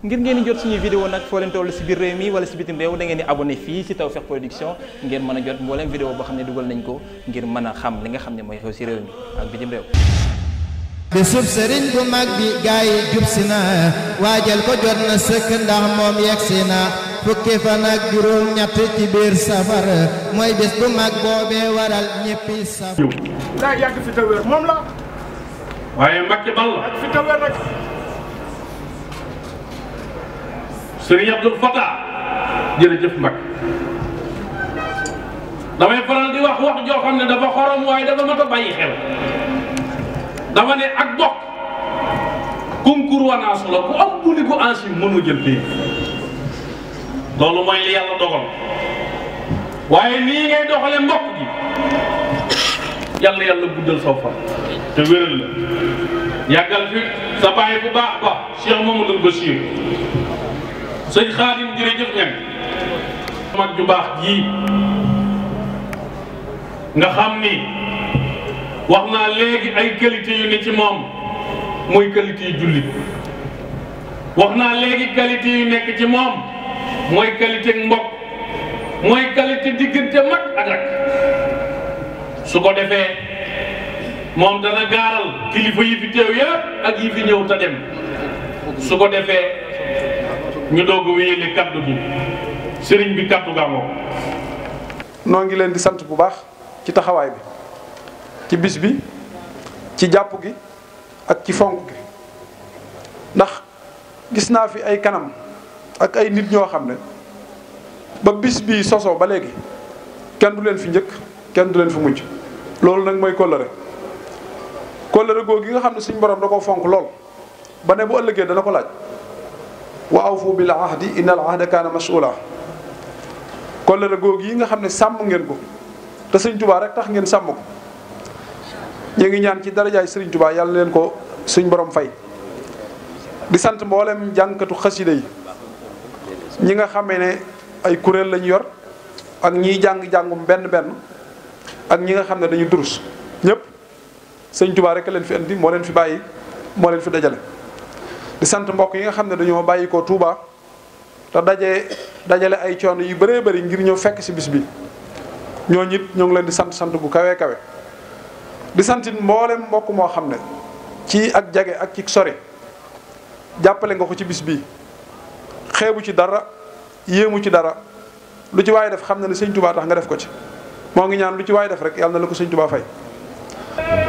ngir ngeen jot suñuy vidéo nag foo leen toll si biir réew mi wala si bitim réew da di abonné fii si Tawfekh Production ngeen mën a jot mbooleem vidéo boo xam ne dugal nañ ko ngir mën a xam li nga xam ne mooy xew si réew mi bi bu mag bi gaa yi jub si na waajal ko jot na sëkk ndax moom yegg na fukki fan ak juróom ñett ci biir safar mooy bés bu mag boobee waral ñëppi safar moom la Serigne Abdou Fatah jërëjëf Mbacke damay faral di wax wax joo xam dafa xorom waaye dafa mat a bàyyi xel dama ne ak bokk concours wanaas la ku am bu ni ko ansi mënu jël bii loolu mooy li yàlla dogal nii ngay doxale mbokk gi yàlla yàlla guddal saw fan te wéral la yàggal fi sa bàyyi bu baax ba Cheikh Mamadou Bachir sëñ Xaadim jërëjëf ñan mag ju baax ji nga xam ni wax naa léegi ay qualité yu ne ci moom mooy qualité yu jullit wax naa léegi qualité yu nekk ci moom mooy qualité mbokk mooy qualité diggante mag ak rak su ko defee moom dana gaaral kilifa yi fi teew yëpp ak yi fi ñëw ta su ko defee ñu doog a wéyale kaddu gi sëriñ bi kaddu gàmmoo noo ngi leen di sant bu baax ci taxawaay bi ci bis bi ci jàpp gi ak ci fonk gi ndax gis naa fi ay kanam ak ay nit ñoo xam ne ba bis bii sosoo ba léegi kenn du leen fi njëkk kenn du leen fi mujj loolu nag mooy kóllëre kóllëre googu gi nga xam ne suñu borom da koo fonk lool ba ne bu ëllëgee dana ko laaj wa awfu bil ahdi inna al ahda kaana mas'uula kóllëre googu yi nga xam ne sàmm ngeen ko te sëñ tubaa rek tax ngeen sàmm ko ñu ngi ñaan ci darajaay sëriñ tubaa yàlla leen ko suñ borom fay di sant mboolem jànkatu xasida yi ñi nga xamee ne ay kuréel lañu yor ak ñiy jàng jàngum benn benn ak ñi nga xam ne dañu durus ñëpp sëñ tubaa rek leen fi indi moo leen fi bàyyi moo leen fi dajale di sant mbokk yi nga xam ne dañoo bàyyi ko Touba te daje dajale ay coon yu bëree bëri ngir ñëw fekk si bis bi ñoo ñit ñoo ngi leen di sant sant bu kawee kawe di santit mboole mbokk moo xam ne ci ak jege ak ci sori jàppale nga ko ci bis bi xeebu ci dara yéemu ci dara lu ci waaye def xam na ne sëñ Touba tax nga def ko ci moo ngi ñaan lu ci waaye def rek yàlla na la ko sëñ Touba fay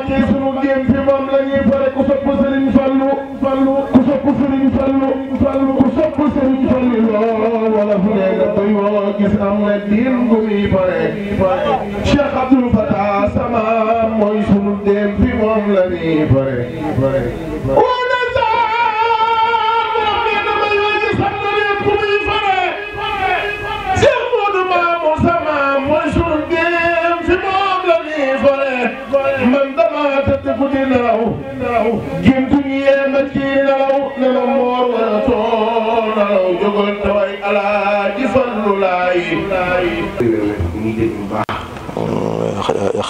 wàccee sunu géem fi moom la ñuy ku sopp Serigne Fallou Fallou ku sopp Serigne Fallou Fallou ku sopp Serigne Fallou lool wala fu ne nga koy woo gis am na diir gu muy pare Cheikh Abdoul Fatah sama mooy sunu géem fi moom la ñuy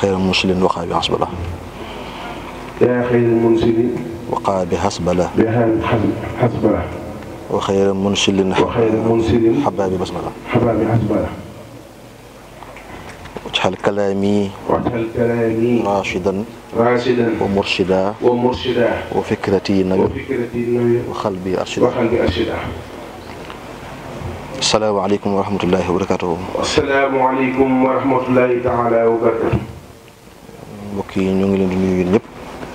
خير المرسلين وقع بحسب له يا خير المرسلين وقع بحسب له حسب له وخير المنسل وخير المنسل حبابي بسم الله حبابي حسب له واجعل كلامي واجعل كلامي راشدا راشدا ومرشدا ومرشدا وفكرتي نبي وفكرتي نبي وقلبي ارشدا وقلبي ارشدا السلام عليكم ورحمه الله وبركاته السلام عليكم ورحمه الله تعالى وبركاته mbokk yi ñu ngi leen di nuyu yéen ñëpp.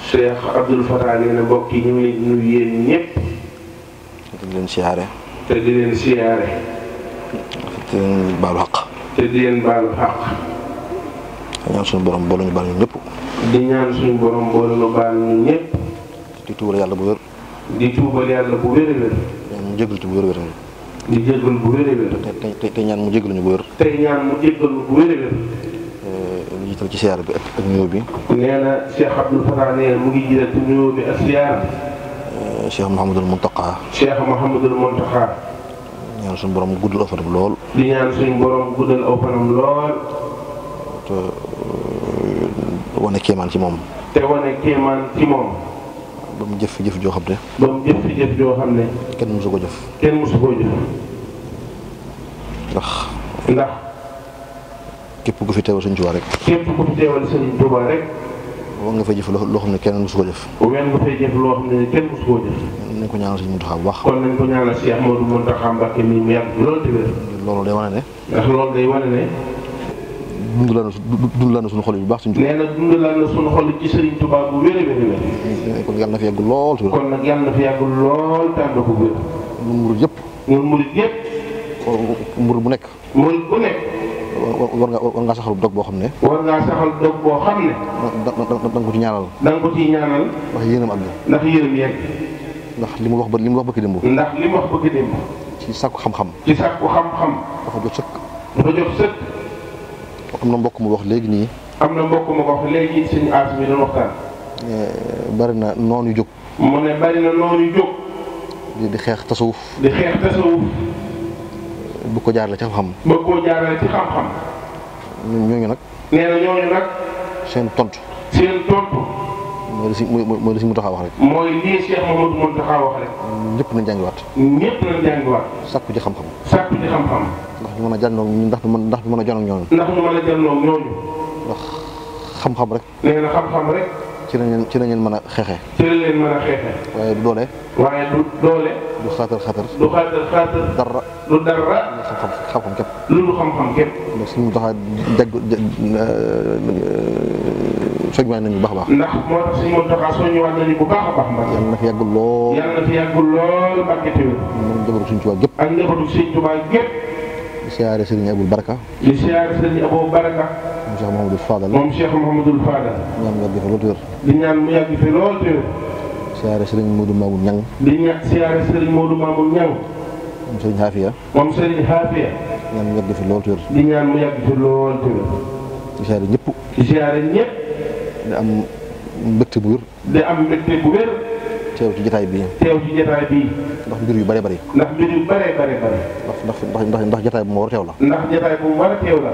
Cheikh Abdoul Fatah nee na mbokk yi ñu ngi leen di nuyu yéen ñëpp. di leen siyaare. te di leen siyaare. te di leen baalu xaq. te di leen baalu xaq. di ñaan suñu borom boole ñu baal ñu ñëpp. di ñaan suñu borom boole ñu baal ñu ñëpp. di tuubal yàlla bu wér. di tuubal yàlla bu wér wér. ñu jégalu ci bu wér wér. di jégalu bu wér wér. te te te ñaan mu jégalu ñu bu wér. tey ñaan mu jégalu bu wér wér. jiital ci siyaar bi ak ak nuyoo bi. nee na Cheikh Abdoul Fatah nee na mu ngi jiital ci nuyoo bi ak siyaar bi. Euh, Cheikh Mouhamadul Mountakha. Cheikh Mouhamadul Mountakha. di ñaan suñu borom guddal aw fanam lool. di ñaan suñu borom guddal aw fanam lool. te euh, wane kéemaan ci moom. te wane kéemaan ci moom. ba mu jëf jëf joo xam ne. ba mu jëf jëf joo xam ne. kenn mësu ko jëf. kenn mësu ko jëf. ndax. ndax. képp ku fi teewal sëñ Tuubaa rek. képp ku fi teewal sëñ nga fay jëf loo xam ne kenn mosu ko jëf. ko jëf. nañ ko ñaanal sëñ Muntaxa bu baax. kon mu yàgg loolu tamit. loolu day wane ne. ndax loolu day wane ne. dundal na suñu xol bu baax suñu. nee bu wér a wér a kon yàlla fi yàgg lool. kon nag yàlla fi yàgg lool tànn ko wér. ñun murid yëpp. ñun murid bu nekk. murid nekk. war nga war ngaa saxal dog boo xam ne. war ngaa saxal dog boo xam ne. da ko ci ñaanal. da ko ci ñaanal. ndax yéenam àgg. ndax yéenam yegg. ndax li mu wax ba li mu wax bëgg démb. ndax li mu wax bëgg démb. ci sàkku xam-xam. dafa jot sëkk. dafa jot sëkk. am na mbokk mu wax léegi nii. am na mbokk mu wax léegi suñu aas mi doon waxtaan. bari na noonu jóg. mu ne bari noonu jóg. di di xeex tasawuf. di xeex tasawuf. bu ko jaarale ci xam-xam. bëgg koo jaarale ci xam-xam. ñooñu nag. nee ñooñu nag. seen tont seen tontu. mooy li si mooy mooy li si Mountakha wax wax rek. ñëpp nañ jàngiwaat. ñëpp nañ jàngiwaat. sàkku ci xam-xam. sàkku ci xam-xam. ndax ñu mën a jànnoog ndax ñu mën ndax ñu mën a jànnoog ñooñu. ndax ñu mën a jànnoog ñooñu. xam-xam rek. nee xam-xam rek. ci la ngeen ci la ngeen mën a xeexee. ci la ngeen mën a xeexee. waaye du doole. waaye du doole. du xaatar xaatar. du xaatar xaatar. dara du dara. xam-xam xam-xam képp. lu xam-xam képp. ndax suñu taxaa jag soññuwaat nañu bu baax a baax. ndax moo tax suñu taxaa soññuwaat nañu bu baax a baax mbaa. yàlla na fi yàggul lool. yàlla na fi yàggul lool Mbàkke Téwél. moom njabootu suñu Tuubaa gépp. ak njabootu suñu Tuubaa gépp. di siyaare Sëriñ Abul Baraka. di siyaare Sëriñ Abul Baraka. moom Cheikh Mouhamadul Fadal. moom Cheikh Mouhamadul Fadal. ñaan yàgg fi lool te wér. di ñaan mu yàgg fi siyaare Serigne Modou Mamoun Niang. di moom Serigne Hafia. moom Serigne Hafia. ñaan mu yàgg fi lool te siyaare ñëpp. siyaare ñëpp. di am mbégte bu wér. di am mbégte bu wér. teew ci jotaay bii. teew ci jotaay bii. ndax mbir yu bëree bëri. ndax mbir yu bëree bëri bëri. ndax ndax ndax bu ma war teew la.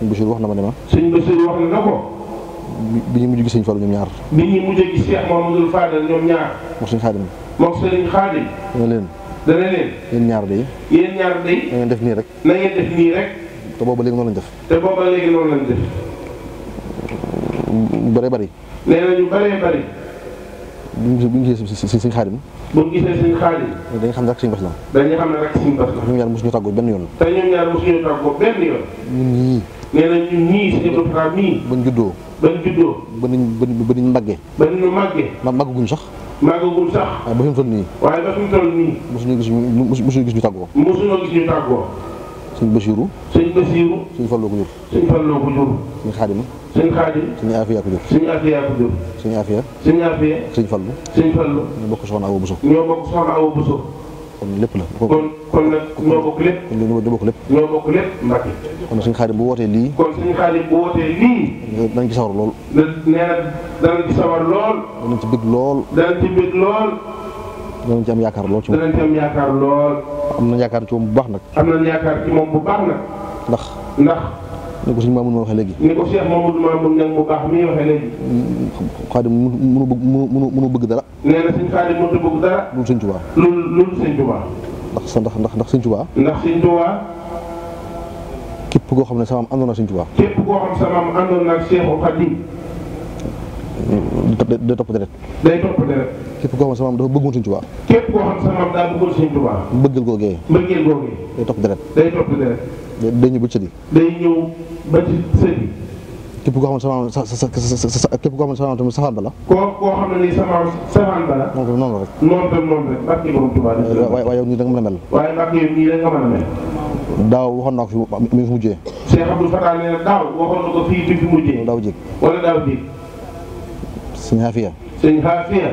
suñ Bachir wax na ma ne ma. suñ Bachir wax na ko. bi ñu mujj gis sëñ Fallou ñoom ñaar. bi ñu mujj gis ñaar. moom sëñ Xaadim. moom sëñ Xaadim. dana leen. dana leen. yéen ñaar day. yéen ñaar def nii rek. te booba léegi noonu lañ def. te booba ñu bëree bu ñu gisee sëñ Xaadim. bu ñu gisee sëñ Xaadim. dañuy la. dañuy xam ne rek benn yoon. te ñoom ñaar mosuñu tàggoo benn yoon. ñun ñii nee na ñun ñii sëñ Abdou Fatah mii. ba ñu juddoo. ba ñu juddoo. ba ñu ba ñu màggee. ba ñu màggee. ma màggaguñ sax. màggagul sax. waaw ba fi mu toll nii. waaye ba fi mu toll nii. mosuñu gis ñu mosuñu gis ñu tàggoo. mosuñoo gis ñu tàggoo. sëñ Basiiru. sëñ Basiiru. sëñ Falloo ko jur. sëñ Falloo ko jur. sëñ Xaadim. sëñ Xaadim. sëñ Afiya ko jur. sëñ Afiya ko jur. sëñ Afiya. sëñ Afiya. sëñ Fallu. sëñ Fallu. ñoo bokk soxna Awa Bousso. ñoo bokk soxna Awa Bousso. kon lépp la. kon kon nag noo bokk lépp. noo bokk lépp. noo bokk lépp kon suñu xaadim bu wootee lii. kon suñu xaadim bu wootee lii. danañ ci sawar lool. da nee sawar lool. danañ ci bëgg lool. danañ ci bëgg lool. ci am yaakaar yaakaar lool. ci moom bu baax nag. am nañ yaakaar ci moom bu baax nag. ndax. ni ko sëñ Mamoun ma waxee léegi. ni ko Cheikh Mamadou Mamoun nag bu baax mi waxee léegi. xaadim mënu mënu mënu bëgg dara. nee na sëñ xaadim mënut a bëgg dara. loolu sëñ Tuubaa. loolu loolu sëñ Tuubaa. ndax sa ndax ndax ndax sëñ Tuubaa. ndax sëñ Tuubaa. képp koo xam ne samaam àndoon na sëñ Tuubaa. képp koo xam samaam àndoon na ak Cheikhul Khadim. day topp deret. day topp deret. képp koo xam ne samaam dafa bëggoon sëñ Tuubaa. képp koo xam samaam daa bëggoon sëñ Tuubaa. bëggal googee. bëggal googee. day topp deret. day topp deret. day ñëw a mel. waaye mbàkk yi nii daaw waxoon naa ko fi mujjee. Cheikh Abdou Fatah daaw waxoon na ko fii fi mujjee. daaw jéeg wala daaw jéeg. sëñ Xaafiya. sëñ Xaafiya.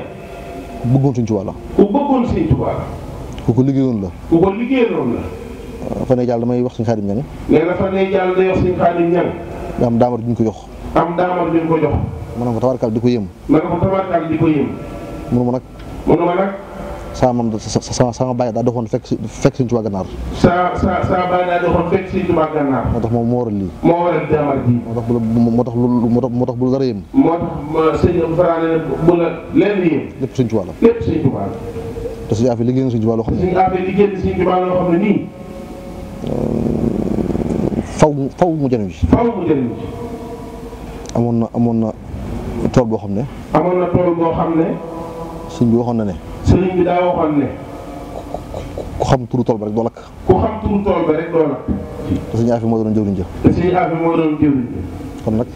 bëggoon suñ tubaab la. ku bëggoon suñ tubaab la. ku ko liggéeyoon la. la. Fane Diallo damay wax suñu xaadim ñang nee na Fane day wax suñu xaadim ñang am daamar duñ ko jox am daamar duñ ko jox ma ne ko tabarkaal di ko yëm ma di ko yëm nag mënu ma nag saa daa fekk fekk suñ tubaab gànnaar moo tax moom moo waral lii moo waral daamar bi moo tax bu moo dara yëm moo tax sëñ Abdou Fara ne liggéey na suñ tubaab loo xam ne nii faw faw mu jëriñu ci. faw mu jëriñu ci. amoon na amoon na tool boo xam ne. amoon na tool boo xam ne. sëñ bi waxoon na ne. sëñ bi daa waxoon ne. ku xam turu tool ba rek doo lakk. ku xam turu tool ba rek doo lakk. te sëñ Afi moo doon jëwriñ te sëñ Afi moo doon jëwriñ ja. nag.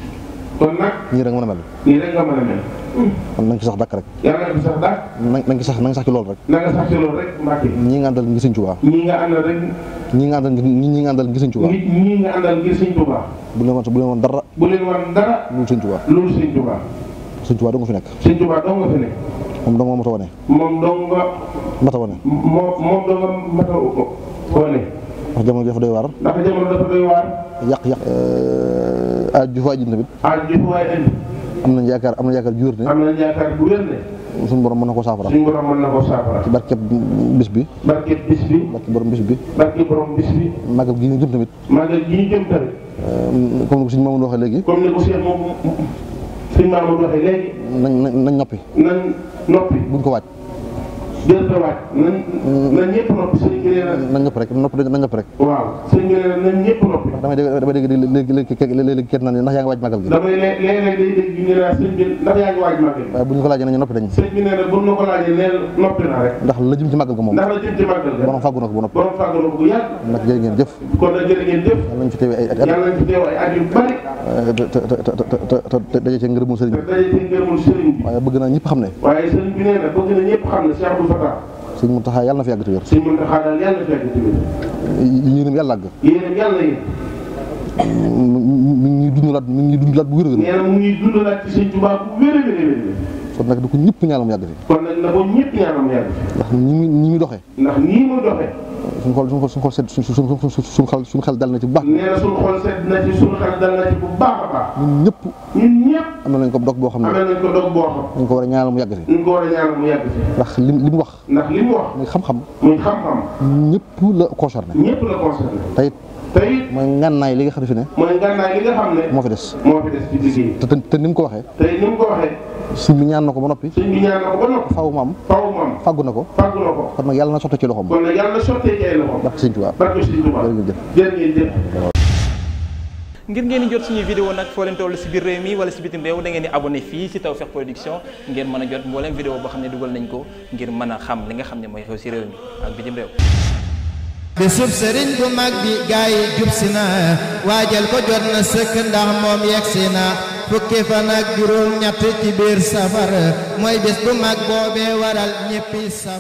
kon nag. nii rek nga mën a mel. na nga ci sax dàkk rek yàlla na ci sax dàkk na nga ci sax na nga sax ci loolu rek na nga sax ci loolu rek Mbàkke ñii nga àndal ngir Sëñ Tuubaa ñii nga àndal rek ñii nga àndal ñii nga àndal ngir Sëñ Tuubaa nit ñii nga àndal ngir Sëñ Tuubaa bu leen woon bu leen woon dara bu leen woon dara loolu Sëñ Tuubaa loolu Sëñ Tuubaa Sëñ Tuubaa dong nga fi nekk Sëñ Tuubaa dong nga fi nekk moom dong moo mata wane moom dong nga mata wane moom moom dong nga mata wane ndax jamono dafa doy waar ndax jamono dafa doy waar yàq yàq eh, aaj ju fa ajin tamit aaj ju fa ajin am nañ yaakaar am nañ yaakaar jur ne. am nañ yaakaar bu wér ne. suñu borom mën na ko saafara. suñu borom mën na ko saafara. ci bis bi. barkeb bis bi. barkeb borom bis bi. barkeb bi. gi ñu jëm tamit. màggal gi ñu jëm euh, comme ni ko suñu Mamadou waxee léegi. comme ni ko suñu Mamadou suñu Mamadou waxee léegi. nañ nañ noppi. nañ noppi. buñ ko waaj. gën a waaj nañ mm. nañ ñëpp noppi sëriñ bi mm, nañ ñëpp rek nopp nañ ñëpp rek waaw sëriñ bi nañ ñëpp noppi damay dégg damay dégg léegi léegi léegi kenn naan ndax yaa ngi waaj màggal gi damay léeg-léeg day dégg ñu ne la sëriñ bi ndax yaa ngi waaj màggal gi waaye bu ñu ko laajee nañu noppi dañ sëriñ bi nee na bu ñu ko laajee nee noppi na rek ndax la jëm ci màggal ga moom ndax la jëm ci màggal ga borom fàggu na ko bu noppi borom fàggu na ko bu yàgg nag jërë ngeen jëf kon nag jërë ngeen jëf yàlla ñu fi teewee ay at yàlla ñu fi teewee ay at yu bari te daje ci ngërëmul sëriñ bi waaye bëgg na ñëpp xam ne waaye sëriñ bi nee na bëgg na ñëpp xam ne Mountakha. sëñ Mountakha yàlla na fi yàgg te wér. sëñ Mountakha daal yàlla fi yàgg te wér. yéenam yàlla yi. Mm, mi ñuy dundalaat mi ngi ñuy dundalaat bu wér-wér. nee na mu da ko ñëpp ñaanam yàgg fi. ndax ni muy ni muy ndax nii muy doxee. suñu xol suñu xol suñu xol suñu xel dal na ci bu baax. nee na xol sedd na ci suñu xel dal na ci bu baax a baax. ñun ñëpp. ñun ñëpp. am nañ ko dog boo xam ne. am nañ ko dog boo xam. dañ ko war a ñaanal mu yàgg si. dañ ko war a ñaanal mu yàgg si. ndax li mu wax. ndax li mu wax. muy xam-xam. muy xam-xam. ñëpp la concerné. la concerné. li nga xam ne fi ne. mooy ngànnaay li nga xam ne. moo fi des. ni te ni mu ko waxee. sëñ bi ñaan na ko ba noppi. sëñ bi ñaan na ko ba noppi. faaw maam faaw maam faggu na ko. faggu na ko kon nag yàlla na sottee ci loxoom. kon nag yàlla na sottee ci ay loxoom. barke sëñ Tuubaa barke sëñ Tuubaa jërë ngeen jëf ngir ngeen di jot suñu vidéo nag foo leen toll si biir réew mi wala si bitim réew da ngeen di abonné fii si Tawfekh Production ngeen mën a jot mboolem vidéo boo xam ne dugal nañ ko ngir mën a xam li nga xam ne mooy xew si réew mi ak bitim réew. bésub sëriñ bu mag bi gaa yi jub si na waajal ko jot na sëkk ndax moom yegg si na fukki fan ak juróom ñett ci biir safar mooy bés bu mag boobee waral ñéppi safar